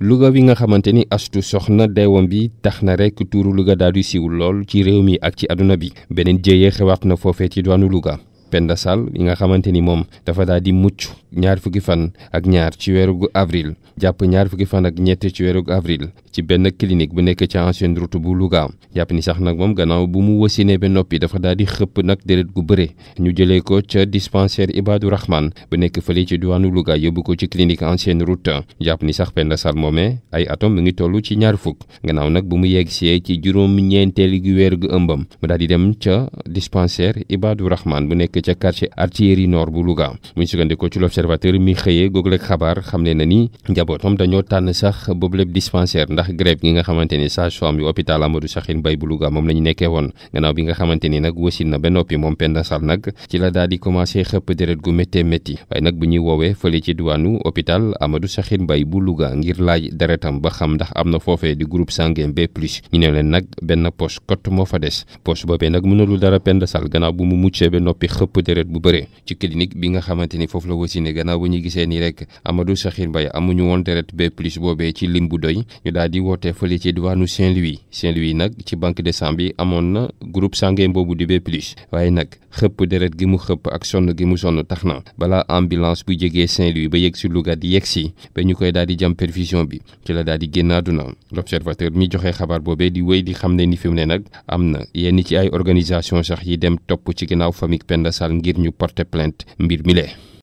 Louga bi nga xamante ni astu soxna deewam bi tax na rek tuuru luga daal di siiw lool ci réew mi ak ci àdduna bi beneen jéyee xewaat na foofee ci diwaanu Louga Penda Sall yi nga xamante ni moom dafa daal di mucc ñaar fukki fan ak ñaar ci weeru avril jàpp ñaar fukki fan ak ñett ci weeru avril ci benn clinique bu nekk ci ancienne route bu Louga yàpp ni sax nag moom gannaaw bu mu wasinee ba noppi dafa daal di xëpp nag déret gu bëre ñu jëlee ko ca dispensaire Ibadou Rahman bu nekk fële ci diwaanu Louga yóbbu ko ci clinique ancienne route jàpp ni sax Penda Sar moome ay atom mu ngi toll ci ñaar fukk gannaaw nag bu mu yegg see ci juróom-ñeenteel gi weer gu ëmbam mu daal di dem ca dispensaire Ibadou Rahman bu nekk ca quartier artillerie nord bu Louga mu sukkandikoo ci l'observateur mi xëyee googu xabaar xam ne na ni njabootam dañoo tànn sax boobu lépp dispensaire ndax grève gi nga xamante sage-femme yu hôpital Amadou Sakhir Mbaye bu Louga moom la ñu gannaaw bi nga xamante ni nag na ba noppi moom Penda Sall nag ci la daal commencé xëpp déret gu méttee métti waaye nag bu ñuy woowee ci diwaanu hôpital Amadou Sakhir Mbaye bu ngir laaj deretam ba xam ndax am na di groupe sanguin B ñu ne leen nag benn poche kott moo fa des poche boobee nag mënalul dara Penda Sall gannaaw bu mu muccee ba noppi xëpp déret bu bëree ci clinique bi nga xamante ni la wasine gannaaw bu ñu gisee nii rek Amadou Sakhir Mbaye amuñu woon déret B plus ci lim doy ñu daal daal di woote fële ci diwaanu Saint-Louis Saint-Louis nag ci banque de sang bi amoon na groupe sanguin boobu di B plus waaye nag xëpp deret gi mu xëpp ak sonn gi mu sonn tax na balaa ambulance bu jegee Saint-Louis ba yegg si Louga di yegg si ba ñu koy daal di jam perfusion bi ci la daal di génn àdduna l'observateur mi joxe xabaar boobee di wéy di xam ne ni fi mu ne nag am na yenn ci ay organisation sax yi dem topp ci ginnaaw famille Penda Sall ngir ñu porter plainte mbir mi lee